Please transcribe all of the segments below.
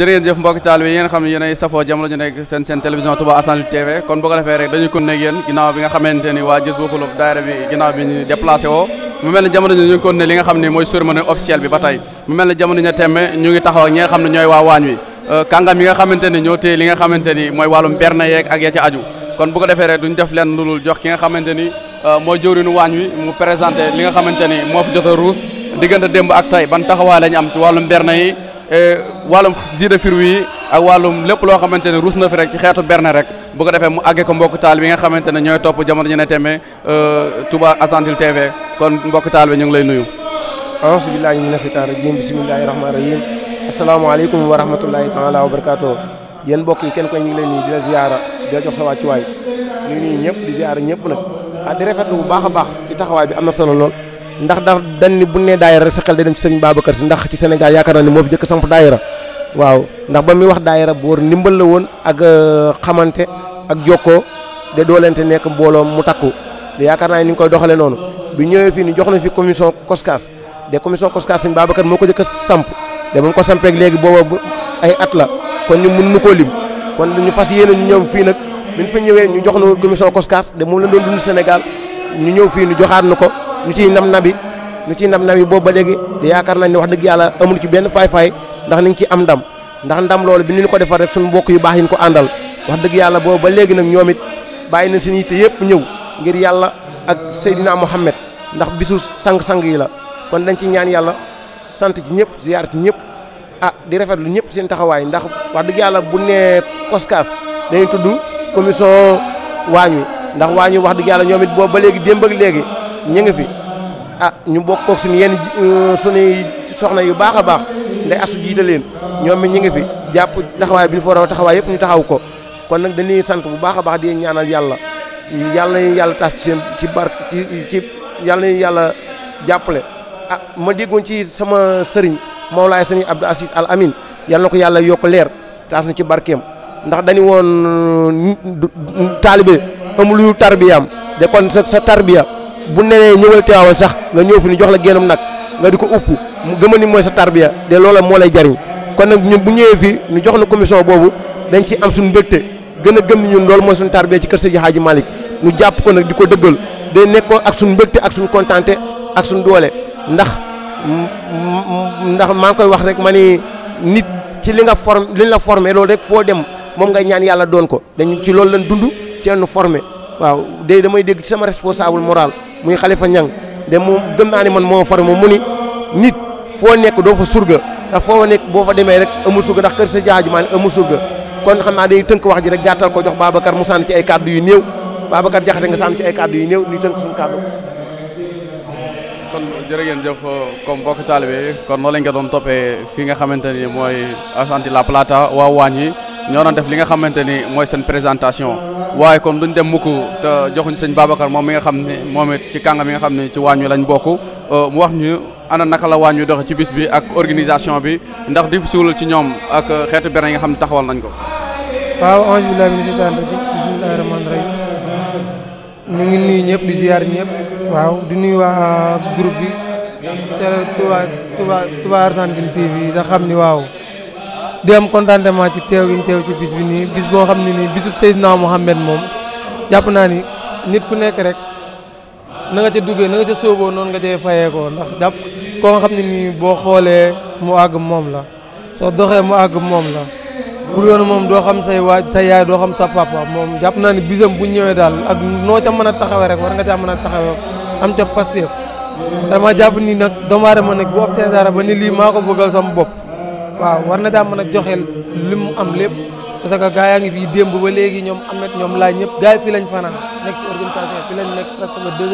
jërë ngeen jëf mbokki taal bi yéen ne yéenay safoo jamono ju nekk seen seen télévision Touba Argentine TV kon bu ko defee rek dañuy continuer ak yéen ginnaaw bi nga xamante ni waa gës bu xulub daayira bi ñu déplacé li nga xam ne mooy cérémonie officielle bi ba tey mu mel ne jamono ñu temme ñu ngi taxaw ak ñi nga xam ne ñooy waa waañ wi euh, kàngam yi nga xamante ni ñoo téye li nga xamante ni mooy wàllum berne yeeg ak ya ca aju kon bu ko defee rek duñ def lenn lu dul jox ki nga xamante ni euh, mooy jëwriñu waañ wi mu présenté li nga xamante ni moo fi jot a ruus diggante démb ak tey ban taxawaay lañ am ci wàllum berne yi Eh, wàllum jus de fruits wii ak wàllum lépp loo xamante ne ruus na fi rek ci xeetu berne rek bu ko defee mu àggee ko mbokk taal bi nga xamante ne ñooy topp jamono ñu ne temee eh, Touba Argentine TV kon mbokk taal bi ñu ngi lay nuyu aouzu billahi mina seytaani rajim bismillahi rahmani rahim asalaamaaleykum wa rahmatullahi taala wa barakatuh yéen mbokk yi kenn koy ñu ngi lay nuyu di la ziyaara di la jox sa wàccuwaay ñu nuyu ñëpp di ziyaara ñëpp nag ah di rafetlu bu baax a baax ci taxawaay bi am na solo lool ndax ndax dañ ni bu ne daayira rek sa xel day dem ci sëriñ Babacar si ndax ci Sénégal yaakaar naa ni moo fi jëkk samp daayira waaw ndax ba muy wax daayira bu war ndimbal la woon ak euh, xamante ak jokkoo de doo doolente nekk mbooloo mu takku yaakaar naa ni ñu ngi koy doxalee noonu bi ñëwee fii ni jox na fi commission COSCAS de commission COSCAS sëñ Babacar moo ko jëkk samp de moom ko sampeeg léegi booba ay at la kon ñu mënuñu koo lim kon ñu fas yéene ñu ñëw fii nag bi ñëwee ñu jox na commission COSCAS de moom la doon dund Sénégal ñu ñëw fii ñu joxaat na ko ñu ciy nam nabi ñu ciy nam nabi boobu ba léegi yaakaar nañ ne wax dëgg yàlla amul ci benn fay-fay ndax niñ ci am ndam ndax ndam loolu bi ñu ko defar rek suñu mbokk yu baax yi ñu ko àndal wax dëgg yàlla boobu ba léegi nag ñoomit bàyyi nañ seen yitte yëpp ñëw ngir yàlla ak Seydina Mohamed ndax bisu sang-sang yi la kon dañ ci ñaan yàlla sant ci ñëpp ziar ci ñëpp ah di rafetlu ñëpp seen taxawaay ndax wax dëgg yàlla bu nee koskaas dañuy tudd commission waañ wi ndax waañ wi wax dëgg ñoom it boobu ba léegi démb léegi ñu ngi fi ah ñu bokk koog suñu yenn euh, suñuy soxna yu baax a baax nday asu jiite leen ñoom it ñu ngi fi jàpp taxawaay bi ñu fa war a taxawaay yëpp ñu taxaw ko kon nag dañuy sant bu baax a baax di ñaanal yàlla yàlla nañu yàlla tas ci seen ci barke ci yàlla yàlla jàppale ah ma déggoon ci sama sëriñ Mawlaay sëriñ Abdou Aziz Al Amin yàlla ko yàlla yokk leer taas na ci barkeem ndax dañu woon taalibe amul lu tarbiyaam de kon sa sa tarbiya bu nenee ñëwal Tiwaawan sax nga ñëw fi ni jox la génnam nag nga di ko upp mu gëma ni mooy sa tarbiya de loola moo lay jariñ kon nag ñun bu ñëwee fii ñu jox na commission boobu dañ ci am suñu mbégte gën a gëm ni ñun loolu mooy suñu tarbiya ci kër Seydi Hadji Malick ñu jàpp ko nag di ko dëggal day nekkoon ak suñu mbégte ak suñu kontaante ak suñu doole ndax mm, ndax maa ngi koy wax rek ma ni nit ci li nga form li la formé loolu rek foo dem moom ngay ñaan yàlla doon ko dañu ci loolu lañ dund ci nu formé waaw day damay dégg ci sama responsable moral muy xalifa ñang de moom gëm naa ni man moo far moom mu ni nit foo nekk doo fa surga ndax foo nekk boo fa demee rek amul surga ndax kër sa jaaju maa ne amul surga kon xam naa day tënk wax ji rek gàttal ko jox Babacar mu sànni ci ay kàddu yu néew Babacar Jaxate nga sànni ci ay kàddu yu néew ñuy tënk suñu kàddu kon jërë jëf comme mbokk taalibe kon noo lañ ko doon toppee fii nga xamante ni mooy Argentine La Plata waa yi ñoo doon def li nga xamante ni mooy seen présentation waaye kon duñ dem mukk te joxuñ sëñ Babacar moom mi nga xam ni moom it ci kàngam mi nga xam ne ci waañ wi lañ bokk euh, mu wax ñu ana naka la waañ wi doxe ci bis bi ak organisation bi ndax difficile ci ñoom ak xeetu berne nga xam ne taxawal nañ ko waaw ange billahi mina seytaan rajim bismillahi rahmaani rahim ñu ngi nuyu ñëpp di ziar ñëpp waaw di nuyu waa groupe bi te Touba Touba Argentine TV da xam ni waaw di am contentement ci teew gi ñu teew ci bis bi nii bis boo xam ne nii bisub Seydina Mouhamed moom jàpp naa ni nit ku nekk rek na nga ca duggee na ca sóoboo noonu nga cay fayee ndax jàpp koo nga xam ne nii boo xoolee mu àgg moom la soo doxee mu àgg moom la bu moom doo xam say waaj say yaay doo xam sa papa moom jàpp naa ni bisam bu ñëwee daal ak noo ca mën a taxawee war nga caa mën a taxawee am ca passif vraiment jàpp ni nag doomu aadama nag bu obtee dara ba ni lii maa ko bëggal sama bopp waaw war na daa mën a joxeel li mu am lépp parce que gaa yaa ngi fii démb ba léegi ñoom amet ñoom laaj ñëpp gaa yi fii lañ fanaan nekk ci organisation fii lañ nekk presque ba deux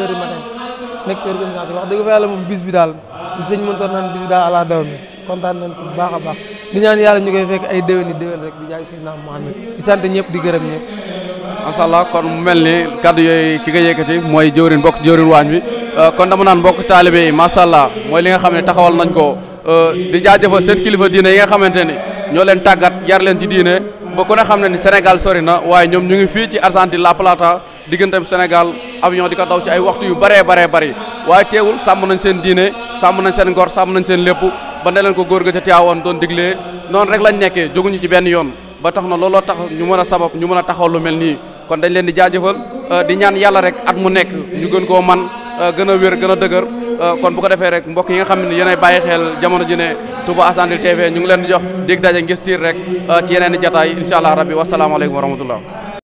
wax dëgg fa yàlla moom bis bi daal li sëñ mën toon naan bis bi daal daw mi kontaan nañ ci bu baax a baax di ñaan yàlla ñu koy fekk ay déwéni déwén rek bi jaay suñu naam Muhammad di sant ñëpp di gërëm ñëpp macha allah kon mu mel ni kaddu yooyu ki ga yëkkati mooy jëwrin bokk jëwrin waañ bi kon dama naan mbokk taalibe yi macha allah mooy li nga xam ne taxawal nañ ko Euh, di jaajëfal seen kilifa diine yi nga xamante ni ñoo leen tàggat yar leen ci diine ba ku ne xam ne ni Sénégal sori na waaye ñoom ñu ngi fii ci Argentine La Plata digganteem Sénégal avion di ko daw ci ay waxtu yu bëree baree bëri waaye teewul sàmm nañ seen diine sàmm nañ seen ngor sàmm nañ seen lépp ba ne leen ko góor ga ca Tiwaawan doon diglee noonu rek lañ nekkee joguñu ci benn yoon ba tax na looloo tax ñu mën a sabab ñu mën a taxaw lu mel nii kon dañ leen di jaajëfal euh, di ñaan yàlla rek at mu nekk ñu gën koo man euh, gën a wér gën a dëgër Euh, kon bu ko defee rek mbokk yi nga xam ne yéenay bàyyi xel jamono ji ne Touba Argentine TV ñu ngi leen di jox dégg daje ngis tiir rek euh, ci yeneen i jataay incha allah rabbi wasalaamaaleykum wa rahmatullah